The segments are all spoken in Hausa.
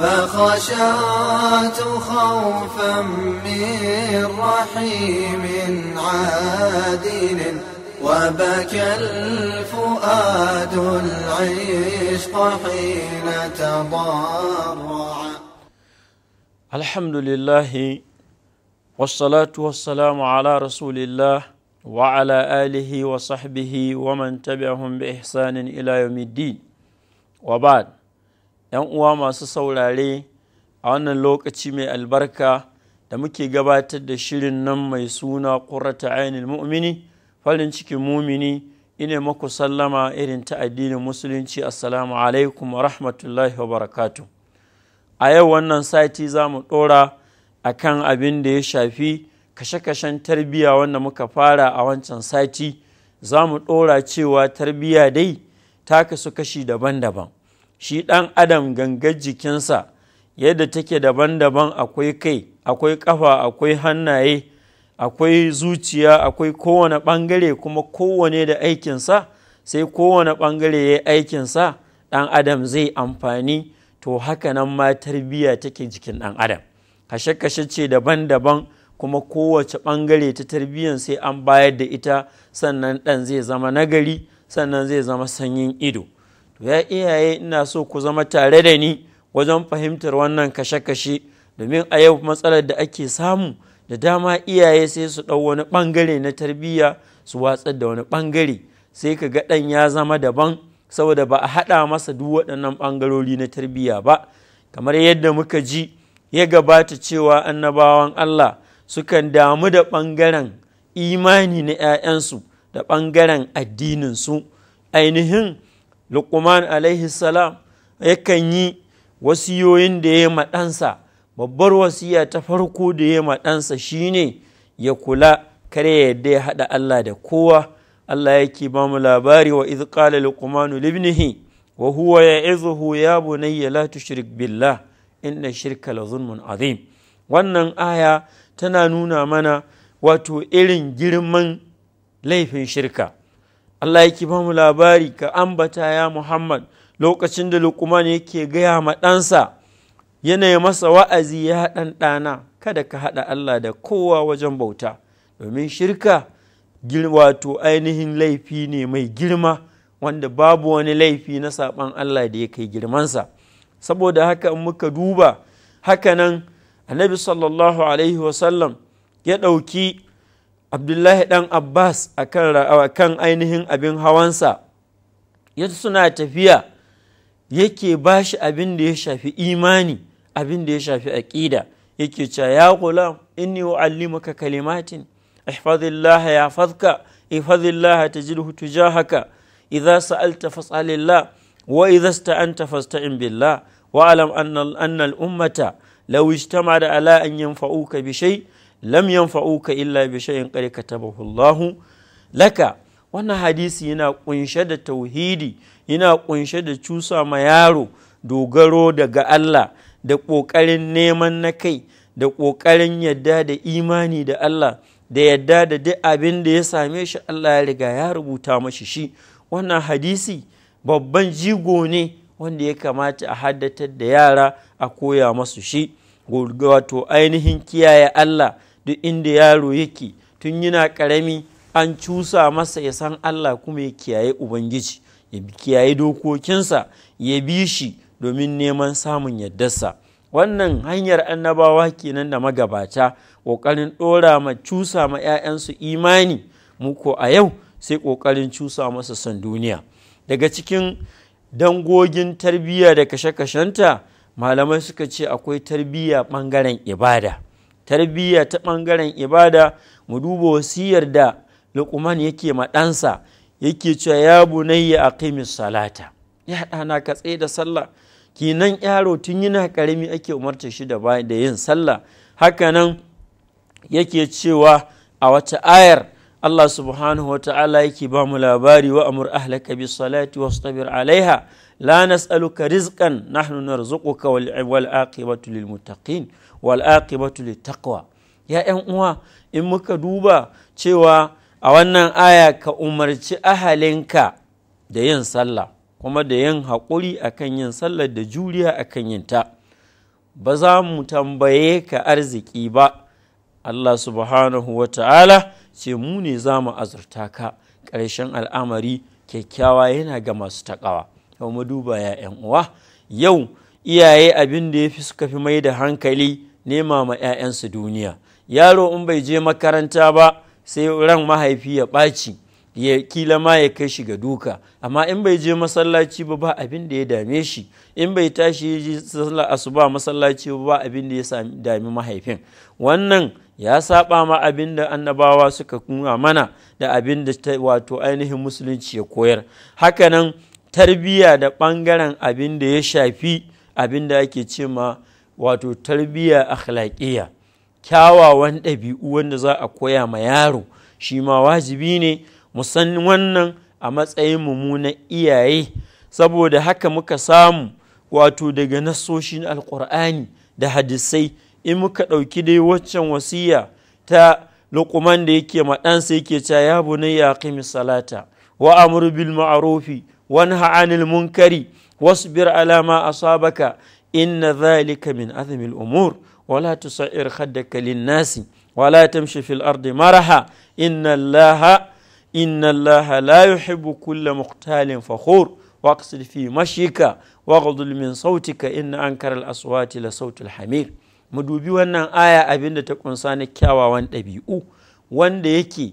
فخشعت خوفا من رحيم عادل وبكى الفؤاد العشق حين تضرع الحمد لله والصلاة والسلام على رسول الله وعلى آله وصحبه ومن تبعهم بإحسان إلى يوم الدين وبعد ‘yan uwa masu saurare a wannan lokaci mai albarka da muke gabatar da shirin nan mai suna ƙurrata ainihin mu'mini farin cikin mumini ina maku sallama irin ta addinin musulunci assalamu alaikum wa rahmatullahi wa barakatu a yau wannan sati za mu ɗora a kan abin da ya shafi kashe-kashen tarbiyya wanda muka fara a wancan sati za mu ɗora cewa tarbiyya dai ta kasu kashi daban-daban shi ɗan adam gangar jikinsa yadda take daban-daban akwai kai akwai ƙafa akwai hannaye akwai zuciya akwai kowane ɓangare kuma kowane da aikinsa sai kowane ɓangare ya yi aikinsa ɗan adam zai amfani to haka nan ma tarbiyya take jikin ɗan adam kashe-kashe ce daban-daban kuma kowace ɓangare ta tarbiyyar sai an bayar da ita sannan ɗan zai zama nagari sannan zai zama sanyin ido ya iyaye ina so ku zama tare da ni wajen fahimtar wannan kashe-kashe domin a yau matsalar da ake samu da dama iyaye sai su ɗau wani ɓangare na tarbiyya su watsar da wani ɓangare sai ka ga ɗan ya zama daban saboda ba a haɗa masa duk waɗannan ɓangarori na tarbiyya ba kamar yadda muka ji ya gabata cewa annabawan Allah sukan damu da ɓangaren imani na 'ya'yansu da ɓangaren addininsu ainihin lukman alaihi salam yakan yi wasiyoyin da ya ma dansa babbar wasiya ta farko da ya ma shine ya kula kare yadda ya haɗa Allah da kowa Allah yake ba mu labari wa iz qala luqmanu libnihi wa huwa ya'izuhu ya bunayya la tushrik billah inna shirka la zulmun azim wannan aya tana nuna mana wato irin girman laifin shirka Allah ya ba mu labari ka ambata ya Muhammad lokacin da Luqman yake gaya ma ɗansa yanayi masa wa'azi ya ɗan ɗana kada ka haɗa Allah da kowa wajen bauta domin shirka wato ainihin laifi ne mai girma wanda babu wani laifi na saɓan Allah da ya kai girmansa saboda haka in muka duba hakanan annabi sallallahu alaihi wasallam ya ɗauki abdullahi ɗan abbas a kan ainihin abin hawansa yadda suna tafiya yake ba shi abin da ya shafi imani abin da ya shafi aƙida yake cewa ya kula inni u'allimuka kalimatin ihfazillah ya fadka ihfazillah tajidhu tujahaka idza sa'alta fas'alillah wa idza sta'anta fasta'in billah wa alam anna al ummata law da ala an yanfa'uka bi shay' lam yanfa'uka illa bi shay'in qad katabahu Allahu laka wannan hadisi yana kunshe da tauhidi yana kunshe da cusa ma yaro dogaro daga Allah da kokarin neman na kai da kokarin yadda da imani da Allah da yadda da duk abin da ya same shi Allah ya riga ya rubuta mashi shi wannan hadisi babban jigo ne wanda ya kamata a haddatar da yara a koya masu shi wato ainihin kiyaye Allah duk inda yaro yake tun yana ƙarami an cusa masa ya san Allah kuma ya kiyaye Ubangiji ya kiyaye dokokinsa ya bi shi domin neman samun yardarsa wannan hanyar annabawa kenan da magabata ƙoƙarin ɗora ma cusa ma 'ya'yansu imani muku a yau sai ƙoƙarin cusa masa son duniya daga cikin dangogin tarbiyya da kashe-kashenta malamai suka ce akwai tarbiyya ɓangaren ibada tarbiyya ta ɓangaren ibada mu duba wasiyar da lukman yake ma ɗansa yake cewa ya bunayya a salata ya ɗana ka tsaye da sallah kinan yaro tun yana karami ake umarta shi da da yin sallah hakanan yake cewa a wata ayar Allah subhanahu ta'ala yake ba mu labari wa amur ahlaka bi salati wastabir alaiha la nas'aluka rizqan nahnu narzuquka wal aqibatu lil muttaqin wal li takwa ya yan uwa in muka duba cewa a wannan aya ka umarci ahalinka da yin sallah kuma da yin haƙuri akan yin sallah da juriya akan yin ta ba za mu tambaye ka arziki ba Allah subhanahu wa ta'ala ce mu ne za mu azurta ka ƙarshen al'amari kyakkyawa yana ga masu taƙawa yau mu duba ya uwa yau iyaye abin da ya fi suka fi mai da hankali nema ma 'ya'yansu duniya yaro in bai je makaranta ba sai ran mahaifi ya ɓaci ya kila ma ya kai shi ga duka amma in bai je masallaci ba ba abin da ya dame shi in bai tashi ya ji sallar asuba masallaci ba ba abin da ya dami mahaifin wannan ya saba ma abin da annabawa suka nuna mana da abin da wato ainihin musulunci ya koyar hakanan tarbiyya da ɓangaren abin da ya shafi abin da ake ce ma wato tarbiyya akhlaqiyya kyawawan ɗabi'u wanda za a koya ma yaro shi ma wajibi ne mu san wannan a matsayin mu na iyaye saboda haka muka samu wato daga nasoshin alƙur'ani da hadisai in muka ɗauki dai waccan wasiya ta luqman da yake maɗansa yake cewa ya bunayya aqimi salata wa amru bil ma'rufi wanha 'anil munkari wasbir ala ma asabaka inna zalika min azmil umur wala tusair khaddaka linnasi wala tamshi fil ardi maraha inna allaha inna allaha la yuhibbu kulla muqtalin fakhur waqsid fi mashika waghdul min sautika inna ankara al aswati la sautul hamir mu dubi wannan aya abinda ta kunsa na kyawawan ɗabi'u wanda yake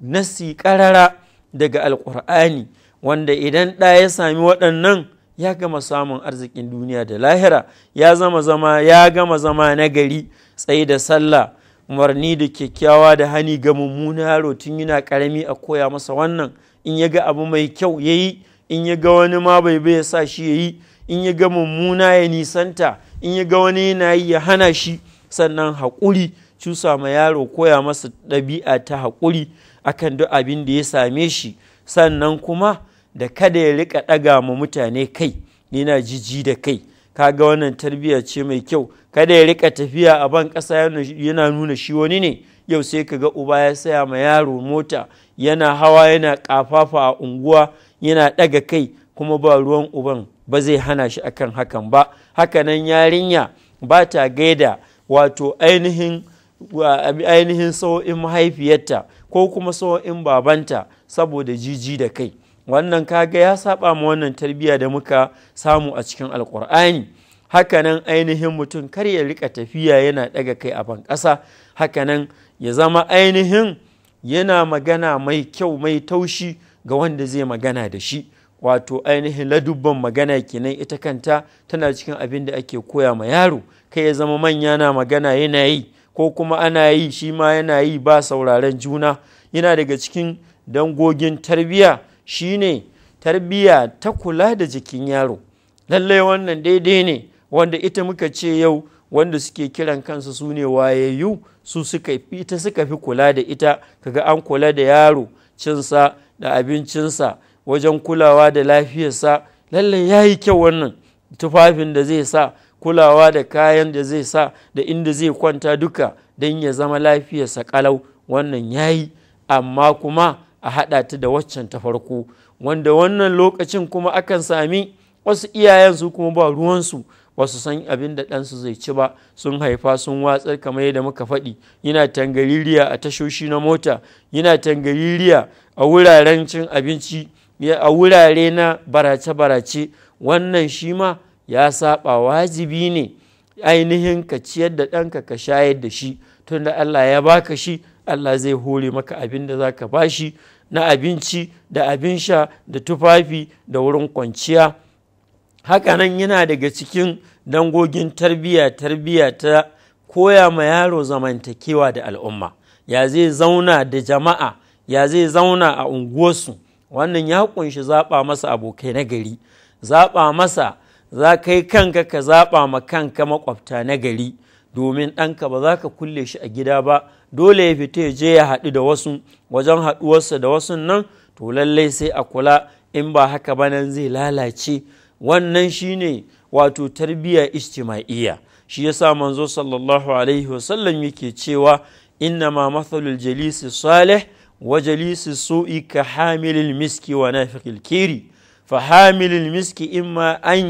nasi ƙarara daga alƙur'ani wanda idan ɗa ya sami waɗannan ya gama samun arzikin duniya da lahira ya zama zama ya gama zama na gari tsaye da sallah marni da kyakkyawa da hani ga mummuna yaro tun yana karami a koya masa wannan in ya ga abu mai kyau ya yi in ya ga wani ma bai bai sa shi ya yi in ya ga mummuna ya nisanta in ya ga wani yana yi ya hana shi sannan haƙuri cusa ma yaro koya masa ɗabi'a ta haƙuri akan duk abin da ya same shi sannan kuma da kada ya rika ɗaga ma mutane kai yana jiji da kai kaga wannan tarbiyya ce mai kyau kada ya rika tafiya a ban ƙasa yana nuna shi wani ne yau sai ka ga uba ya saya ma yaro mota yana hawa yana ƙafafa a unguwa yana ɗaga kai kuma ba ruwan uban ba zai hana shi akan hakan ba hakanan yarinya ba ta gaida wato ainihin ainihin sau'in mahaifiyarta ko kuma sau'in babanta saboda jiji da kai wannan kaga ya saba ma wannan tarbiyya da muka samu a cikin alkur'ani hakanan ainihin mutum kar ya rika tafiya yana daga kai a ban kasa hakanan ya zama ainihin yana magana mai kyau mai taushi ga wanda zai magana da shi wato ainihin ladubban magana kenan ita kanta tana cikin abin da ake koya ma yaro kai ya zama manya na magana yana yi ko kuma ana yi shi ma yana yi ba sauraren juna yana daga cikin dangogin tarbiyya shine tarbiyya ta kula da jikin yaro lallai wannan daidai ne wanda ita muka ce yau wanda suke kiran kansu su ne wayayyu su suka fi ita suka fi kula da ita kaga an kula da yaro cinsa da abincinsa wajen kulawa da lafiyarsa lallai ya yi kyau wannan tufafin da zai sa kulawa da kayan da zai sa da inda zai kwanta duka don ya zama lafiyarsa kalau wannan ya yi amma kuma a haɗa ta da waccan ta farko wanda wannan lokacin kuma akan sami wasu iyayen su kuma ba ruwansu ba su san abin da ɗansu zai ci ba sun haifa sun watsar kamar yadda muka faɗi yana tangaririya a tashoshi na mota yana tangaririya a wuraren cin abinci a wurare na barace-barace wannan shi ma ya saba wajibi ne ainihin ka ciyar da ɗanka ka shayar da shi tunda Allah ya baka shi Allah zai hore maka abin da za ka bashi na abinci da abin sha da tufafi da wurin kwanciya hakanan yana daga cikin dangogin tarbiyya tarbiyya ta koya ma yaro zamantakewa da al'umma ya zai zauna da jama'a ya zai zauna a unguwarsu wannan ya kunshi zaɓa masa abokai na gari zaɓa masa za kai kanka ka zaɓa ma kanka makwabta na gari domin ɗanka ba za ka kulle shi a gida ba dole ya fita ya je ya haɗu da wasu wajen haɗuwarsa da wasu nan to lallai sai a kula in ba haka ba nan zai lalace wannan shine wato tarbiyya ijtima'iyya shi yasa manzo sallallahu alaihi wasallam yake cewa innama mathalul jalisi salih wa jalisi su'i ka hamilil miski wa nafiqil kiri fa hamilil miski imma an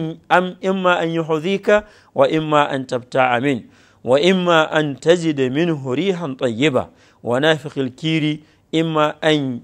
yi an yuhdhika wa imma an tabta'a min wa ma an tajida minhu rihan tayyiba wa nafikhil kiri ma an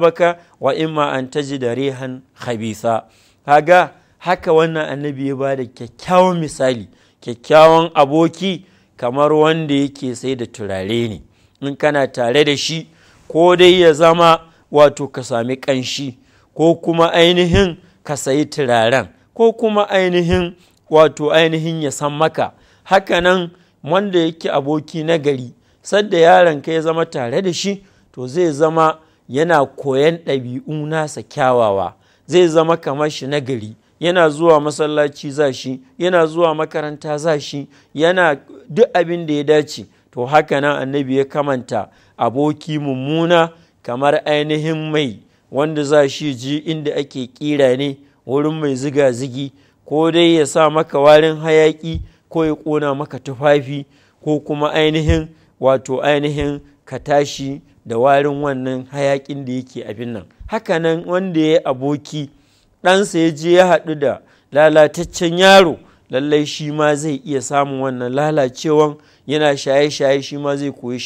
ba ka wa ma an da rihan habisa. kaga haka wannan annabi ya ba da kyakkyawan misali kyakkyawan aboki kamar wanda yake sai da turare ne in kana tare da shi ko dai ya zama wato ka sami ƙanshi ko kuma ainihin ka sayi turaren ko kuma ainihin wato ainihin ya san maka hakanan wanda yake aboki na gari sadda yaronka ya zama tare da shi to zai zama yana koyan ɗabi'u nasa kyawawa zai zama kamar shi na gari yana zuwa masallaci za shi yana zuwa makaranta za shi yana duk abin da ya dace to haka nan annabi ya kamanta aboki mummuna kamar ainihin mai wanda za shi ji inda ake kira ne wurin mai ziga-zigi ko dai ya sa maka warin hayaƙi ko ya ƙona maka tufafi ko kuma ainihin wato ainihin ka tashi da warin wannan hayaƙin da yake abin nan hakanan wanda ya aboki ɗansa ya je ya haɗu da lalataccen yaro lallai shi ma zai iya samun wannan lalacewan yana shaye-shaye shi ma zai koyi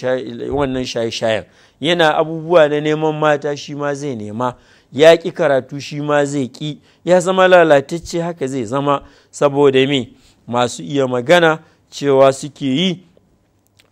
wannan shaye-shayen yana abubuwa na neman mata shi ma zai nema ya ƙi karatu shi ma zai ƙi ya zama lalatacce haka zai zama saboda me masu iya magana cewa suke yi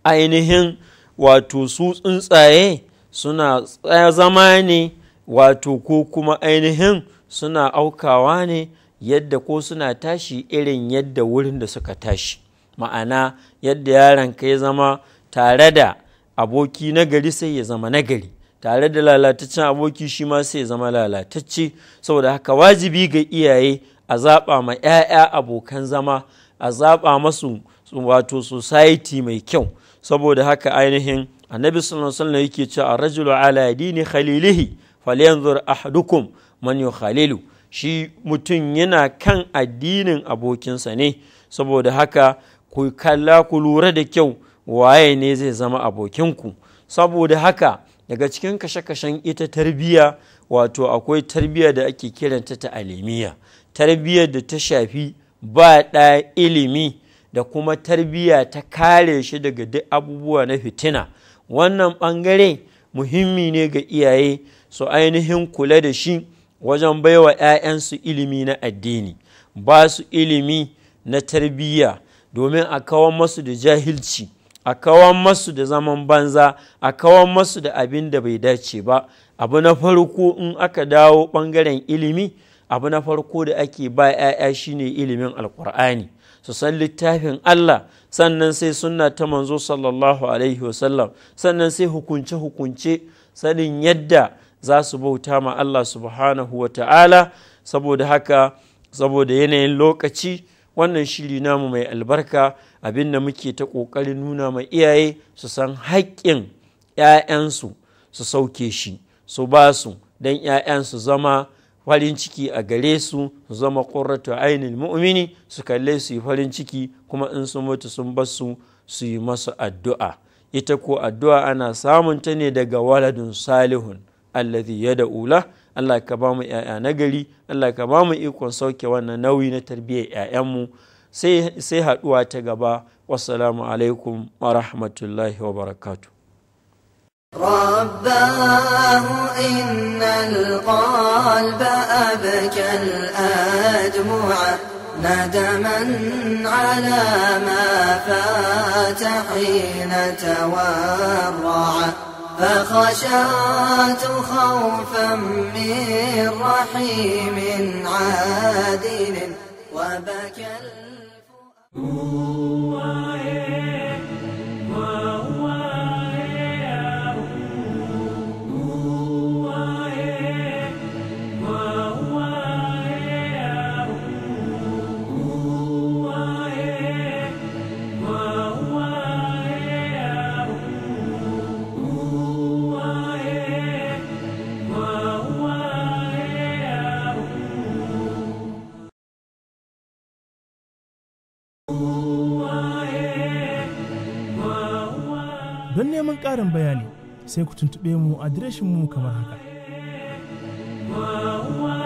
ainihin wato su tsuntsaye suna tsaya zama ne wato ko kuma ainihin suna aukawa ne yadda ko suna tashi irin yadda wurin da suka tashi ma'ana yadda ka ya zama tare da aboki nagari sai ya zama nagari tare da lalataccen aboki shi ma sai ya zama lalatacce saboda haka wajibi ga iyaye a zaɓa ma 'ya'ya abokan zama a zaɓa masu wato society mai kyau saboda haka ainihin annabi sallallahu alaihi wasallam yake cewa rajulu ala dini khalilihi falyanzur ahadukum man khalilu shi mutum yana kan addinin abokinsa ne saboda haka ku kalla ku lura da kyau waye ne zai zama abokinku saboda haka daga cikin kashe-kashen ita tarbiyya wato akwai tarbiyya da ake kiranta ta alimiya tarbiyyar da ta shafi ba ɗa ilimi da kuma tarbiyya ta kare shi daga duk abubuwa na fitina wannan ɓangare muhimmi ne ga iyaye su ainihin kula da shi wajen baiwa 'ya'yansu ilimi na addini ba su ilimi na tarbiyya domin a kawan masu da jahilci a kawan masu da zaman banza a kawan masu da abin da bai dace ba abu na farko in aka dawo ɓangaren ilimi abu na farko da ake ba 'ya'ya shine ilimin alkur'ani su san littafin Allah sannan sai sunna ta manzo sallallahu alaihi wasallam sannan sai hukunce hukunce sanin yadda za su bauta ma Allah subhanahu wa ta'ala saboda haka saboda yanayin lokaci wannan shiri namu mai albarka abin da muke ta ƙoƙarin nuna ma iyaye su san haƙƙin 'ya'yansu su sauke shi su ba su don 'ya'yansu zama farin ciki a gare su zama ƙurratu ainihin mu'mini su kalle su yi farin ciki kuma in sun mutu sun bar su su yi masu addu'a ita ko addu'a ana samun ta ne daga waladun salihun allazi ya ula! Allah ka ba mu ‘ya'ya na gari Allah ka ba mu ikon sauke wannan nauyi na tarbiyyar ‘ya'yanmu sai haɗuwa ta gaba wasu alaikum wa rahmatullahi wa barakatu رباه إن القلب أبكى الأدمع ندما على ما فات حين تورع فخشعت خوفا من رحيم عادل وبكى الفؤاد neman ƙarin bayani sai ku tuntuɓe mu adireshin mu kamar haka.